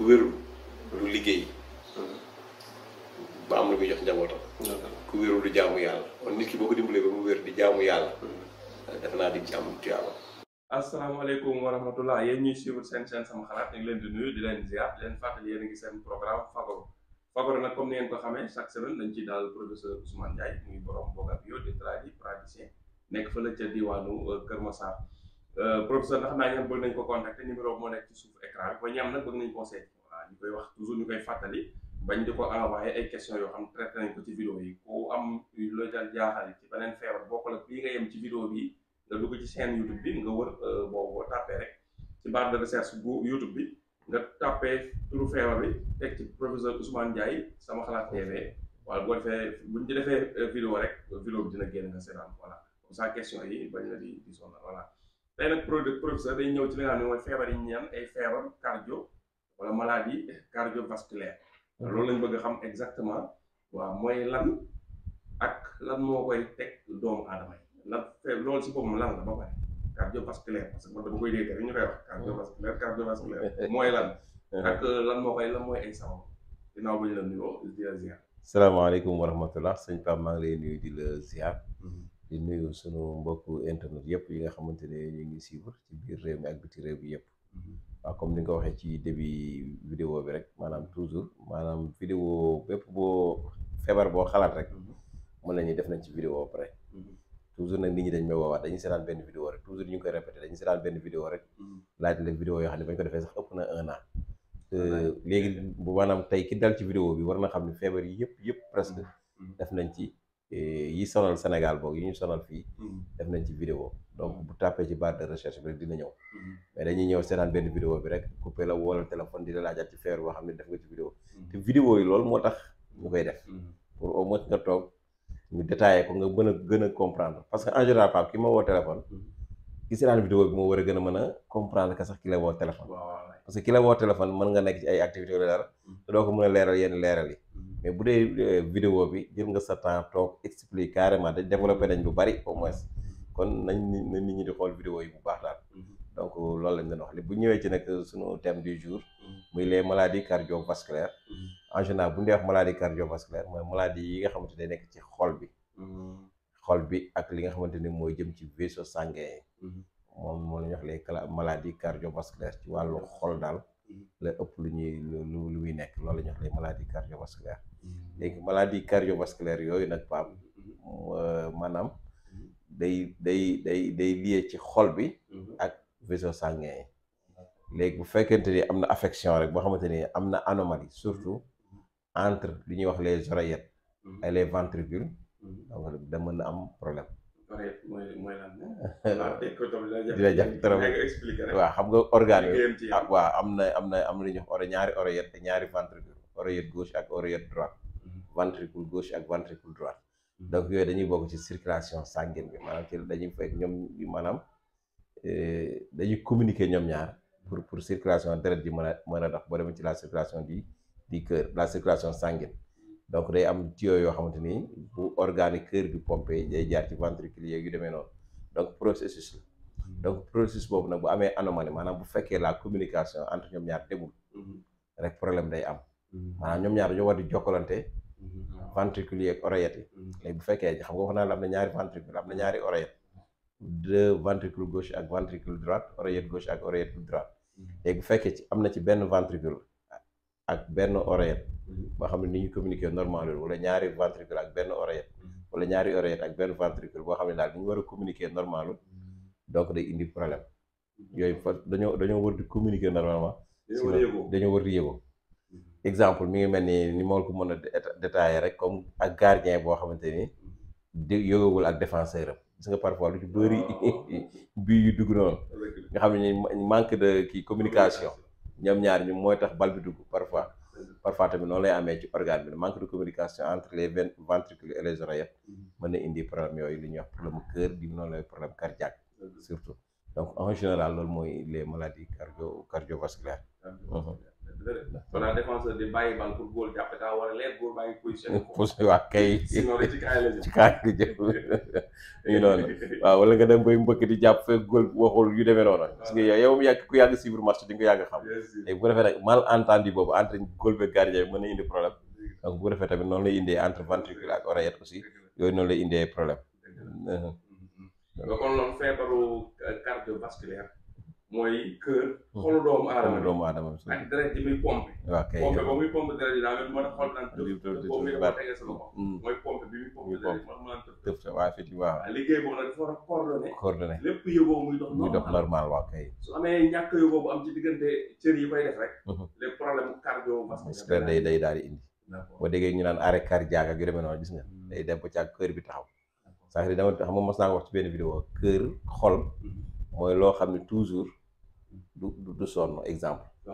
ku wérul lu liggéey ba am lu muy jox njabootam ku wérul du jaamu yàlla kon nit ki boo ko dimbalee ba mu wér di jaamu yàlla def naa di ci am tuyaaba asalaamaaleykum wa rahmatullah yéen ñuy suivre seen chaîne sama xalaat ñu ngi leen di nuyu di leen ziar di leen fàttali yéen a ngi seen programme Fagoro Fagoro nag comme ni ngeen ko xamee chaque semaine dañ ci daal professeur Ousmane Ndiaye muy borom Boga Bio di tradipraticien nekk fa la ca diwaanu euh, Kër Massar Euh, professeur ndax xam naa ñam bëgg nañ ko contacter numéro moo nekk ci suuf écran bi ba ñam nag bañ di ko envoyé ay question yoo xam traité nañ ko ci vidéo yi ku am loo ci beneen feebar bokkul ak bii nga yem ci vidéo bi nga dugg ci euh, boo tàppee rek ci barre de recherche bu YouTube bi nga tàppee turu feebar bi teg ci professeur Ousmane Ndiaye sama xalaat wala boo defee buñ ci defee euh, vidéo rek vidéo bi dina génn nga seetaan voilà comme ça question yi bañ na di di sonal voilà tey nag produit professeur day ñëw ci li nga xam ne mooy feebar yi ñu ñaan ay feebar cardio wala maladie cardiovasculaire hmm. loolu lañ bëgg xam exactement waaw mooy lan ak lan moo koy teg doomu aadama yi lan loolu si boppam lan la ba pare cardiovasculaire parce que man dama koy dégg rek ñu koy wax cardiovasculaire cardiovasculaire hmm. mooy lan hmm. ak lan moo koy lan mooy ay sabab ginnaaw ba ñu la nuyoo di la ziar salaamaaleykum wa rahmatullah sëñ Pape maa ngi lay nuyu di la ziar di nuyu sunu mbokku internet yëpp yi nga xamante ne ñu ngi suivre ci biir réew mi ak biti réew bi yëpp. Mhm. waaw comme ni nga ko waxee ci début vidéo bi rek maanaam toujours maanaam vidéo bépp boo feebar boo xalaat rek. Mhm. mën nañu def nañ ci vidéo ba pare. Mhm. toujours nag nit ñi dañ may woowaat dañuy seetaan benn vidéo rek toujours ñu ngi koy répété dañuy seetaan benn vidéo rek. laaj la vidéo yoo xam ne bañ ko defee sax ëpp na un an. léegi bu maanaam tey ki dal ci vidéo bi war na xam ne feebar yi yëpp yëpp presque. def nañ ci. Eh, yi sonal Sénégal boog yi ñu sonal fii. Hmm. def nañ ci vidéo donc bu tàppee ci baat de recherche bi rek dina ñëw. Hmm. mais dañuy ñëw seetaan benn vidéo bi rek coupé la woo la téléphone di la ci feer boo xam ne def nga ci vidéo hmm. te vidéo yi loolu moo tax ñu koy def. pour au moins nga toog ñu détaillé ko nga mën a gën a comprendre parce que en général Pape ki ma woo téléphone. ki seetaan vidéo bi moo war a gën a mën a comprendre que sax ki la woo téléphone. parce que ki la woo mën nga nekk ci ay activités dara. te doo ko a leeral yenn leeral yi. mais bu dee euh, vidéo bi jël nga sa temps toog explique carrément dañ développé nañ lu bari au moins kon nañ ni ñu di xool vidéo yi bu baax daal mm-hmm. donc euh, lool lañ leen wax li bu ñëwee ci nag euh, suñu thème du jour mm-hmm. muy les maladies cardiovasculaires mm-hmm. en général bu ñu wax maladie cardiovasculaire mooy maladie yi nga xamante day nekk ci xol bi xol bi ak li nga xamante ni mooy jëm ci vaisseau sanguin yi moom moo la ñuy wax les maladies cardiovasculaires ci wàllu xool daal la ëpp lu ñuy lu lu muy nekk loolu la ñuy wax les maladies cardiovasculaires léegi maladie cardiovasculaire yooyu nag pam mm-hmm. eh, manam day day day day lié ci xol bi ak vaisseau sanguin yi bu fekkente ni amna affection rek bo xamante amna anomalie surtout mm-hmm. entre li ñuy wax les oreillettes mm-hmm. et les ventricules donc da mëna am problème moy moy lan ah, la dina jax trop wa xam nga organe ah, waaw am amna am na am na ñuy wax ñaari oreillette ñaari ventricule oreillette gauche ak oreillette droite mhm. ventricule gauche ak ventricule droite mhm. donc yooyu dañuy bokk ci circulation sanguine bi maanaam dañuy fekk ñoom maanaam euh, dañuy communiquer ñoom ñaar pour pour circulation deret ji mën a mën a dox boo ci la circulation du du la circulation sanguine donc day am tuyau yoo xamante ni bu organe cœur bi pompé day jaar ci ventricule yeeg yu demee noonu donc processus la mhm. donc processus boobu nag bu amee anomalie maanaam bu fekkee la communication entre ñoom ñaar demul rek problème day am. maanaam ñoom ñaar dañoo war di jokkalante mm-hmm. ventricule yi ak oreillette yi mm-hmm. léegi bu fekkee xam nga wax naa la am na ñaari ventricule am na ñaari oreillette deux ventricule gauche ak ventricule droite oreillette gauche ak oreillette droite mm-hmm. léegi bu fekkee ci am na ci benn ventricule ak benn oreillette boo xam ne ni ñu communiquer normal loolu wala ñaari ventricule ak benn oreillette wala ñaari oreillette ak benn ventricule boo xam ne daal ni ñu war a communiquer normal donc day indi problème yooyu fa dañoo dañoo war di communiquer normalement dañoo war di yëgoo exemple mi ngi mel ni ni ma ko mën a détailler rek comme ak gardien boo xamante ni di yogagul ak défenseur am gis nga parfois lu ci bëri ah, bii yu dugg noonu nga xam ne manque de kii communication ñoom ñaar ñu mooy tax bal bi dugg parfois parfois tamit noonu lay amee ci organe bi manque de communication entre les ventricules et les oreillettes mën na indi problème yooyu li ñuy wax problème cœur di noonu lay problème cardiaque surtout donc en général loolu mooy les maladies cardio cardiovasculaires mhm. kon naa défenseur di bàyyi bal pour góol jàpp daa a leer waaw kay. sinon rek ci kaay la jëm ci noonu waaw wala nga dem bay mbëkk di jàpp fekk góol waxul yu demee noonu. waaw parce que yow mu ku yàgg suivre match di ko yàgg xam. bien bu ko defee nag mal entendu boobu entre góol beeg gardien bi mën na indi problème. donc bu ko defee tamit noonu la indee entre ventricule ak oreillette aussi yooyu noonu lay indee problème. kon loolu mooy kër. Hmm. xolu doomu aadama doomu aadama ak deret muy pompe. ok muy pompe deret ji daa mel ni hmm. pompe bi muy pompe deret a coordonné. coordonné lépp yóbboo muy dox normal muy dox normal waaw kay. su amee ñàkk yóbboo bu am ci diggante cër yi koy def rek. Hmm. day day daal di indi. boo déggee ñu naan arrêt cardiaque ak yu demee noonu gis nga. day dem ba ca kër bi taxaw. c'est-à-dire dama xam nga mos naa wax ci benn vidéo kër xol mooy loo xam ne toujours du du sonn exemple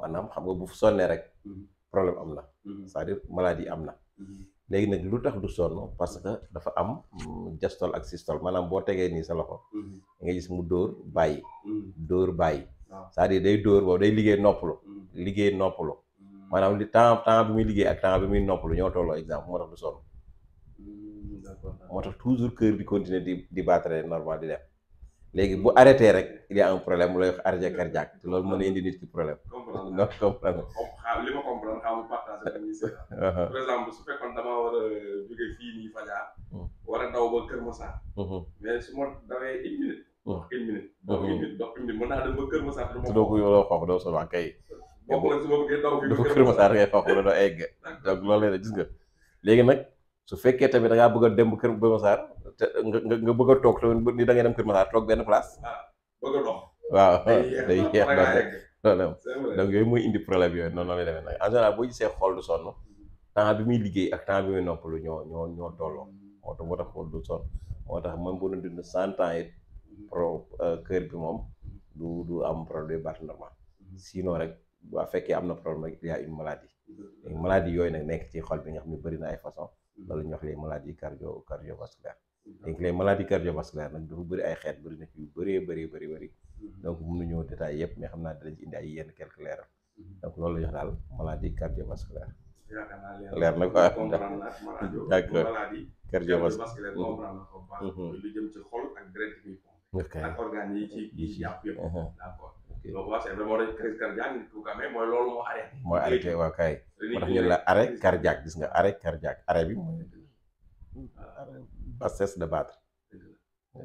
maanaam xam nga bu sonnee rek mhm. problème am na mhm. cest à maladie am na mhm. léegi nag lu tax du sonn parce que dafa am mm, diastole ak systole maanaam boo tegee nii sa loxo nga gis mu dóor bàyyi dóor bàyyi c'est-à-dire day dóor boobu day liggéey noppalu liggéey noppalu maanaam li temps temps bi muy liggéey ak temps bi muy nopp noppalu ñoo tolloo exemple moo tax du sonn moo tax toujours cœur di continuer di di battre normal di dem Lagi bu arrêté rek il y a un problème kerja lay cardiaque te loolu indi nit ki problème. comprendre comprendre nga. li ma comprendre xaw ma partage ak uh-huh. par exemple su fekkoon damaa war a jóge fii nii Fadia. Hmm. daw ba Kër Massar. Uh-huh. mais su ma dawee une minute. wax hmm. minute. Uh-huh. minute su fekkee tamit da ngaa bëgg a dem kër Kër Massar te nga nga bëgg a toog tamit ni da ngay dem Kër Massar toog benn place. Ah, bëgg a dox. waaw day yooyu mooy indi problème yooyu noonu la demee nag en général boo gisee xol du sonn temps bi muy liggéey ak temps bi muy noppalu ñoo ñoo ñoo tolloo moo tax moo tax xol du sonn moo tax même bu doon dund cent ans it pro euh, kër bi moom du du am problème baat normal sinon rek waa fekkee am na problème rek il y a une maladie. yooyu nag nekk ci xol bi nga xam ne bëri na ay façon loolu ñuy wax les maladies cardio cardiovasculaires donc les maladies cardiovasculaires nag dafa bëri ay xeet bari na ci yu bëree bëri bëri bëri mhm. donc mënuñoo détail yëpp mais xam naa dinañ ci indi ay yenn quelques leeral mhm. donc loolu la ñuy wax daal maladie cardiovasculaire leer na quoi d'accord cardiovasculaire mhm. lu jëm ci xol ak deret yi ak organes yi ci yàpp yëpp d'accord donc waa CNP moo def crise cardiaque moo tax ñu la arrêt cardiaque gis nga arrêt cardiaque arrêt ba cesse de battre.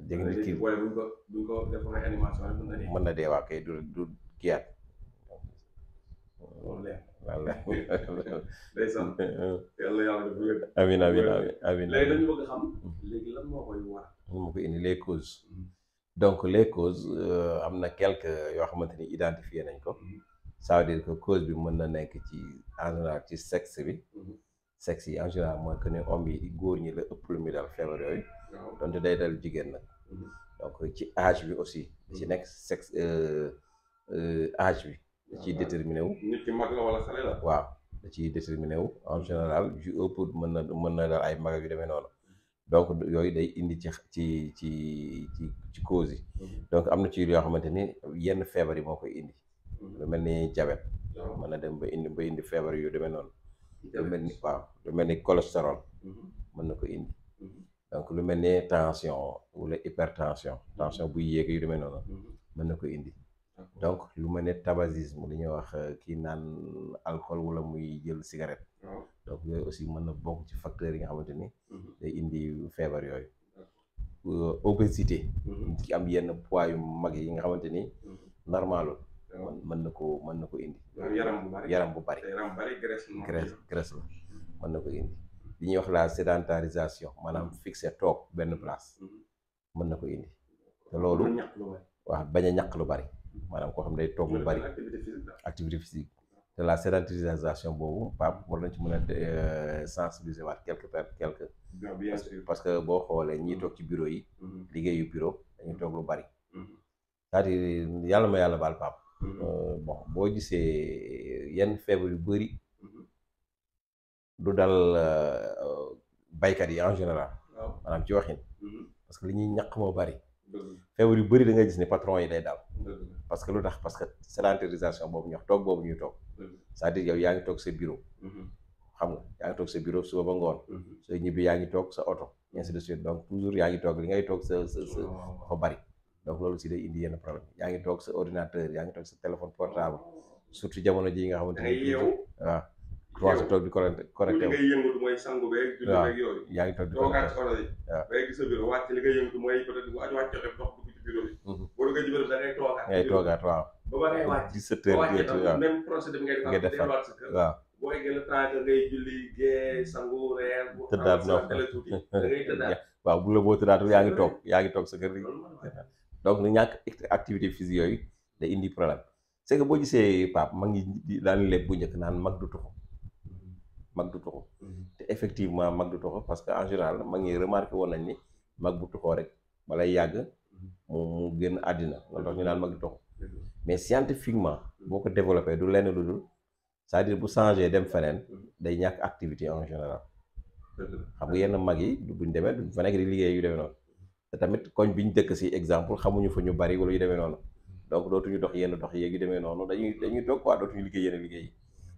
dégg nga kii mën na dee. mën na du du kiyaat. voilà. ndeysaan. yàlla yàlla def lépp. ko indi les causes. donc les causes y a quelques yo ça veut dire que cause bi mën na en général ci sexe mhm. sexe en général moi que homme qui ñi la février, mhm. donc ci âge aussi ci mhm. sexe euh, euh, âge wu nit la wala la en général ju haut mën na mën na ay donc yooyu day indi ci ci ci ci ci cause yi mhm. donc am na ci yoo xamante ni yenn feebar yi moo koy indi mhm. lu mel ni jabet mën na dem ba indi ba indi feebar yu demee noonu lu mel ni waaw lu mhm. mën na ko indi donc lu mel ni tension wala hypertension tension bu yéeg yu demee noonu mën na ko indi donc lu ma ne tabagisme li ñuy wax euh, kii naan alcool wala muy jël cigarette. donc aussi mën na bokk ci facteur yi nga xamante ni. Mhm. day indi feebar yooyu. Euh, obésité. Mhm. ci am yenn poids yu mag yi nga xamante ni. Mhm. normalul mën na ko mën na ko indi. yaram bu bari yaram bu la mën na ko indi. li ñuy wax la sédentarisation maanaam fixé toog benn place. mën na ko indi. te loolu. waaw bañ a ñàkk lu bari. manam ko xam day toog lu bari activité physique de la sédentarisation bobu Pape war nañ ci mën a euh, sensibiliser waat quelque part quelque parce que bo xolé ñi toog ci bureau yi mm-hmm. liggéeyu bureau dañu toog lu bari mm-hmm. c'est-à-dire yàlla ma yàlla baal Pape mm-hmm. euh, bon bo gisee yenn fièvre yu bari du dal euh, baykat yi en général manam ci waxine parce que li ñi ñak mo bari fièvre yu bari da nga gis ni patron yi day daal parce que lu tax parce que sédentarisation boobu ñu wax toog boobu ñuy toog cest dire yaa ngi toog sa bureau xam nga yaa ngi toog sa bureau suba ba ngoon sooy ñibbi yaa ngi toog sa oto ainsi de suite donc toujours yaa ngi toog li ngay toog sa sa sa dafa loolu si day indi yenn problème yaa ngi toog sa ordinateur yaa ngi toog sa téléphone portable surtout jamono ji nga xamante ne yow waaw commencé toog di correcté correcté li ngay yëngatu mooy sangu beeg julli beeg yooyu yaa ngi toog di correcté waaw ba gis sa bureau bureau bi. boo duggee ci bureau bi da ngay toogaat. ngay toogaat waaw. ba ba ngay wàcc. 17 heures géej waaw même procédé bi ngay defar waaw waaw. boo eggee le temps que ngay julli gee sangu reer. tëddaat ndox da ngay tëddaat. waaw bu la boo tëddaatul yaa ngi toog effectivement parce que en général ni rek balay mu génn àddina loolu ñu naan magi tox mais scientifiquement boo ko du lenn lu dul c'est-à-dire bu changer dem fenen day ñak activité en général xam nga yenn mag yi du buñ demee duñ fa nekk yu demee non te tamit koñ biñ dëkk ci exemple xamuñu fa ñu bari wala yu demee non donc dootuñu dox yenn dox yeeg yu non dañuy dañuy toog quoi dootuñu liggéey yenn liggéey yi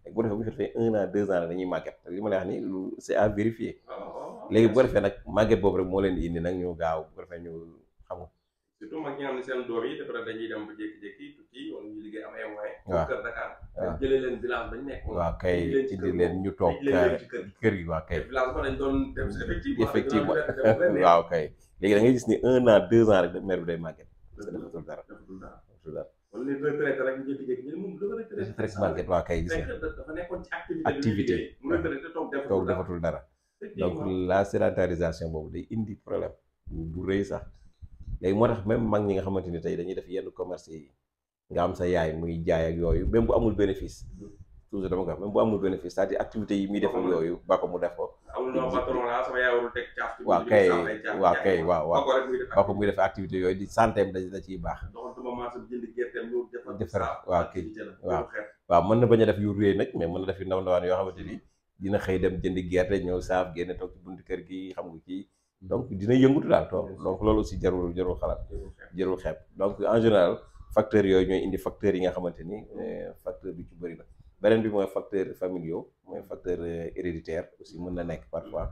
léegi bu defee bu fekkee 1 an 2 ans dañuy màgget li ma lay wax ni lu c'est à vérifier ah, ah, ah. légui bu ko defee nag màgget boobu rek mo leen indi nak ñu gaaw bu ko defee ñu surtout ñu liggéey am ay ñu nekk. waaw kay indi leen ñu toog kër yi effectivement effectivement kay. léegi da gis ni un an deux ans rek maire bi day màgget. parce que dafatul dara dafa retraité. retraité dafa nekkoon ci activité. toog defatul dara donc la sédentarisation boobu de indi problème bu rëy sax léegi moo tax même mag ñi nga xamante ni tey dañuy def yenn commerce yi nga am sa yaay muy jaay ak yooyu même bu amul bénéfice mm-hmm. toujours dama ko wax bu amul bénéfice cest à activité yi muy def ak yooyu ba ko mu def ko ah, waaw kay waaw kay waaw waaw ba muy def activité yooyu di santeem da da ciy baax defar waaw kay waaw waaw mën na bañ a def yu réy nag mais mën na def yu ndaw ndawaan yoo xamante ni mm-hmm. dina xëy dem jëndi gerte ñëw saaf génne toog ci buntu kër gi xam nga kii donc dina yëngutu daal tool donc loolu aussi jarul jarul xalaat jarul xep donc en général facteurs yooyu ñooy indi facteurs yi nga xamante ni eh, facteur bi ci bëri na beneen bi mooy facteur familiaux mooy facteur eh, héréditaire aussi mën na nekk parfois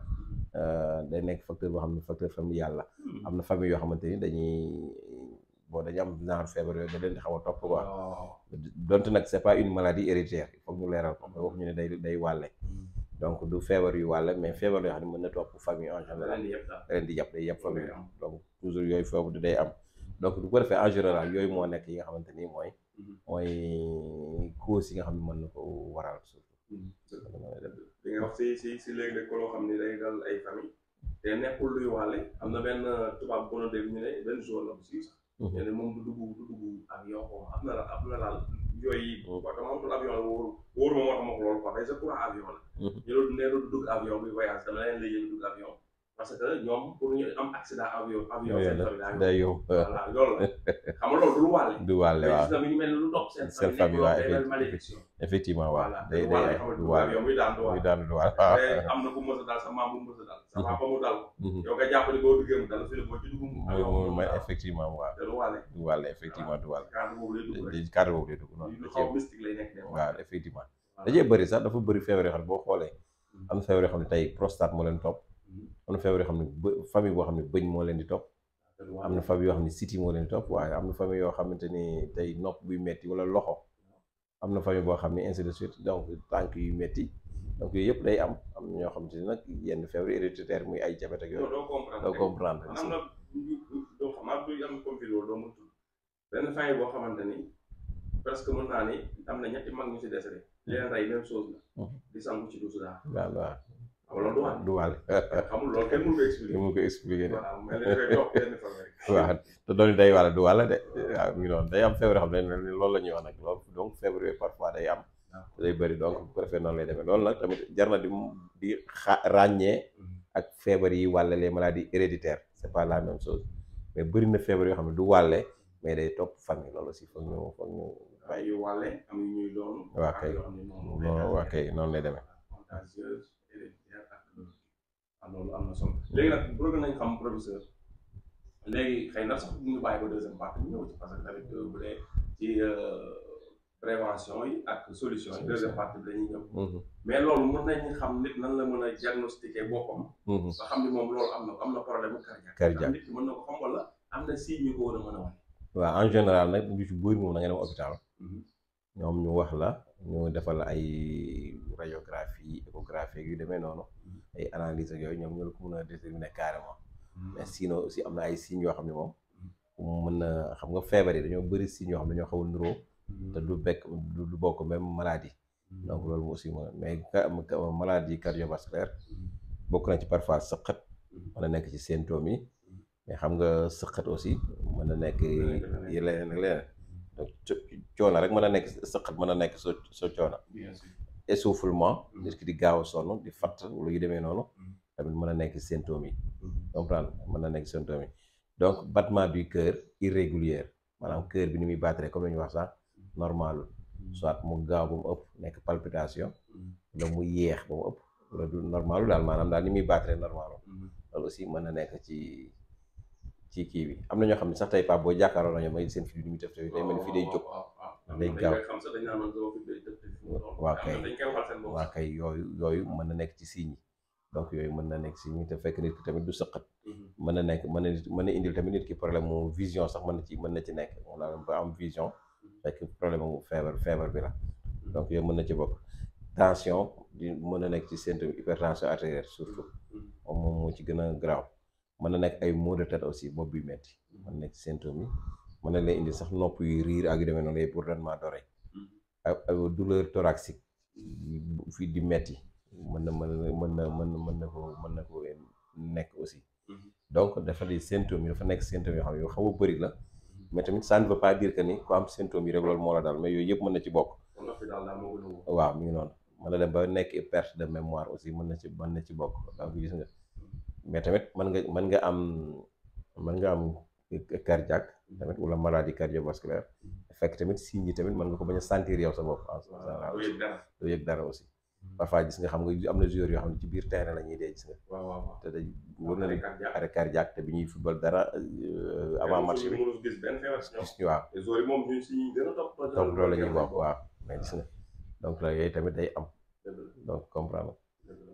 euh, day nekk facteur boo xam ne facteur familial yàlla hmm. am na famille yoo xamante ni dañuy boo dañu am genre feebar yooyu da leen di xaw a topp quoi oh. dont nag c'est pas une maladie héréditaire il faut ñu leeral ko waxuñu ne day day wàlle hmm. donc du feebar yu wàll mais feebar yoo xam ne mën na topp famille en général ren di yàpp day yàpp famille donc toujours yooyu du day am donc du ko defee en général yooyu moo nekk yi nga xamante ni mooy mhm. mooy cause yi nga xam ne mën na ko waral surtout mhm. li nga wax si si si léeg ko loo xam ne day dal ay famille te nekkul luy wàlle am na benn tubaab bu ñu dégg ñu ne benn jour la bu si sax mhm. ñene moom du dugg du dugg ak yow am am na laal yooyu wax mm-hmm. dama amatul avion la wóoru wóoru ma moo tax ma ko loolu quoi day sa courant avion la ñu mm-hmm. loolu ne dugg avion buy voyage dama leen lay yëngu dugg avion parce que ñoom pour ñu am accident avion avion seen famille day yow voilà loolu la xam nga loolu du wàlle du wàlle waaw mais ñu mel ni lu topp seen seen famille waaw malédiction effectivement waaw day day du wàlle yow muy daal du wàlle daal du wàlle am na ku mës a daal sa maam bu mës a daal sa mhm. papa mu daal mhm. yow nga jàppale boo duggee mu daal fi la boo ci dugg mooy effectivement waaw du wàlle du wàlle effectivement du wàlle cadre boobu lay dugg di cadre boobu lay dugg noonu lu xaw mystique lay nekk waaw effectivement dajee bëri sax dafa bëri feebar yoo xam ne boo xoolee mhm. am na feebar yoo xam ne tey prostate moo leen topp am na feebar yoo xam ne bë famille boo xam ne bëñ moo leen di topp am na famille yoo xam ne siti moo leen di topp waaye am na famille yoo xamante ni tey nopp buy metti wala loxo am na famille boo xam ne ainsi de donc tànk yu metti donc yooyu yëpp day am am na ñoo xamante ni nag yenn feebar héréditaire muy ay jabet ak yooyu doo comprendre benn famille boo xamante ni presque mën naa ni am na ñetti mag ñu si des rek leen hmm. rey même chose la hmm. daal waaw wala duwaale duwaale. xamul loolu kenn mënu ko expliquer. mënu ko expliquer de. waaw te wala duwaale de waaw ngi noonu day am feebar yoo xam ne loolu la ñuy wax nag loolu donc feebar yooyu parfois day am. day bëri donc bu ko noonu lay demee loolu nag tamit jar na di di xa ràññee hmm. ak feebar yi wàlle les maladies héréditaires c'est pas la même chose mais bëri na feebar yoo xam ne du wàlle mais day topp famille loolu aussi foog ñu foog ñu. waaw yu am ñuy doon. waaw oh, noonu lay demee. loolu am na solo léegi nag bëgg nañ xam professeur léegi xëy na sax bi ñëw ci parce que tamit bu dee ci euh, yi ak solution yi deuxième bi ñëw mm-hmm. mais loolu mën nañ xam nit nan la mën a diagnostiqué boppam mm-hmm. ba xam ni moom loolu am na am na problème cardiaque cardiaque nit ki mën na ko xam wala am na signe ñu ko war a mën a wax waaw en général nag bu ci buur moom da dem hôpital mm-hmm. ñoom ñu wax la ñu defal ay radiographie échographie yu demee noonu mm. ay analyse yooyu ñoom ñoo la ko mën a déterminer carrément mm. mais sinon aussi am na ay signes yoo xam ne moom mm. mën na xam nga feebar yi dañoo bëri signes yoo xam ne ñoo xaw a nuroo te du bekk du bokk même maladie donc loolu mo aussi mën mais maladie cardiovasculaire bokk na ci parfois sëqët mën na nekk ci symptômes yi mais xam nga sëqët aussi mën a nekk leneen ak leneen donc rek mën nek nekk sëqat mën a so sa sa coono essoufflement mm-hmm. nit ki di gaaw sonu di fat lu yu demee noonu mm-hmm. tamit mën nek nekk yi mm-hmm. comprendre mën na nekk symptômes yi donc battement du cœur irrégulier manam cœur bi ni muy battre comme la wax sax normal soit mu gaaw ba ëpp nek palpitation wala mu yeex ba ëpp wala du normalu dal manam dal ni muy battre normalul loolu aussi mën nek ci ci kii bi am na ñoo xam ne sax tey Pape boo jàkkaarloo la ñoom ay seen fi du ñu def tey day mel ni fii day jóg ah, ah, ah. day gaaw waa kay waa yooyu yooyu mën na nekk ci yi donc yooyu mën na nekk signe te fekk nit ki tamit du mhm. mën na nekk mën na mën na indil tamit nit ki problème mu vision sax mën na ci mën na ci nekk moom laa ba am vision fekk problème feebar bi la mhm. donc yooyu mën na ci bokk tension di mën na nekk ci symptôme hypertension artérielle surtout moom moom moo ci gën a graaw mën na nekk ay maux de aussi bopp bi metti mën na nekk symptômes na lay indi sax nopp yi riir ak yu demee noonu hmm. ay bourdonnement d'oreille ak douleur thoraxique fii di metti mën na mën na mën na mën na ko na ko nekk aussi hmm. donc dafa di symptômes yi dafa nekk symptômes yoo xam ne yoo xaw a bëri la hmm. mais tamit ça ne veut pas dire que ni ku am symptômes yi rek loolu moo la daal mais yooyu yëpp mën na ci bokk waaw mi ngi noonu mën na dem ba nekk perte de mémoire aussi mën na ci mën na ci bokk donc gis mais tamit mën nga man nga am mën nga am cardiaque tamit wala maladie cardiovasculaire fekk tamit signes yi tamit mën nga ko bañ a sentir yow sa bopp. waaw doo yëg dara aussi. Hmm. parfois gis nga xam nga am na joueurs yoo xam ne ci biir terrain la ñuy dee gis nga. waaw waaw na day wóor na arrêt cardiaque te bi ñuy football dara euh, avant match bi. gis benn feebar si ñoom. yi moom si ñuy topp. donc loolu la ñuy wax waaw mais gis nga donc la yooyu tamit day am. donc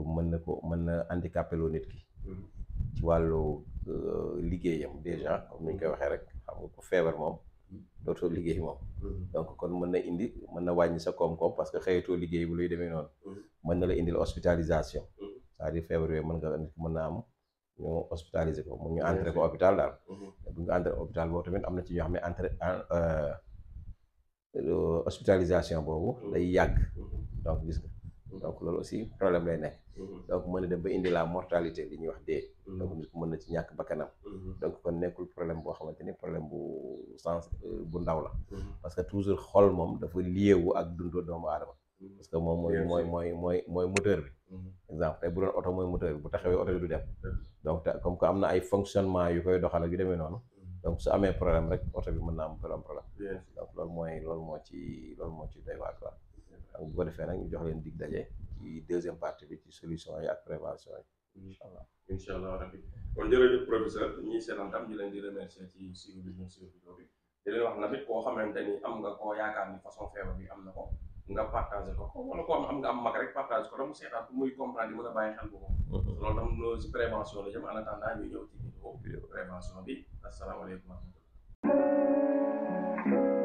mën na ko mën na handicapé loo nit ki. Mm-hmm. ci wàllu euh, liggéeyam déjà comme ni ñu koy waxee rek xam nga ko feebar moom. Mm-hmm. dootoo liggéey moom. Mm-hmm. donc kon mën na indi mën na wàññi sa koom-koom parce que xëyatoo liggéey bu luy demee noonu. mën na la indil hospitalisation. cest feebar yooyu mën nga nit ki mën na am ñu hospitaliser ko mu ñu entrer ko hôpital daal. bu ñu entrer hôpital boobu tamit am na ci ñoo xam ne entrer euh, euh, hospitalisation boobu lay yàgg donc loolu aussi problème lay nekk. Mhm. donc mën na dem ba indi la mortalité li ñuy wax dee. Mhm. donc mën na ci ñàkk bakkanam. Mhm. donc kon nekkul problème boo xamante ni problème bu sens euh, bu ndaw la. parce que toujours xol moom dafa lié wu ak dundoo doomu aadama. parce que moom mooy mooy mooy mooy mooy moteur bi. exemple tey bu oto mooy moteur bu taxawee oto bi du dem. donc comme que am na ay fonctionnement yu koy doxal ak yu demee noonu. donc su amee problème rek oto bi mën naa am problème. donc loolu mooy loolu moo ci loolu moo ci doy waar quoi. bu ko defé nak ñu jox leen dig dajé ci deuxième partie bi ci solution ay ak prévention yi. inshallah allah incha allah rabi kon jërëjëf professeur ñi seetaan tam ñu leen di remercier ci suñu bi ñu suivi bi di leen wax na ko xamanteni am nga ko yaakaar ni façon fièvre bi am na ko nga partager ko wala ko am nga am mag rek partager ko dama seetaan bu muy comprendre di mëna bayyi xel bu ko. Mm-hmm. loolu tam lo ci prévention la jëm en attendant ñu ñëw ci vidéo prévention bi assalamu alaykum thank you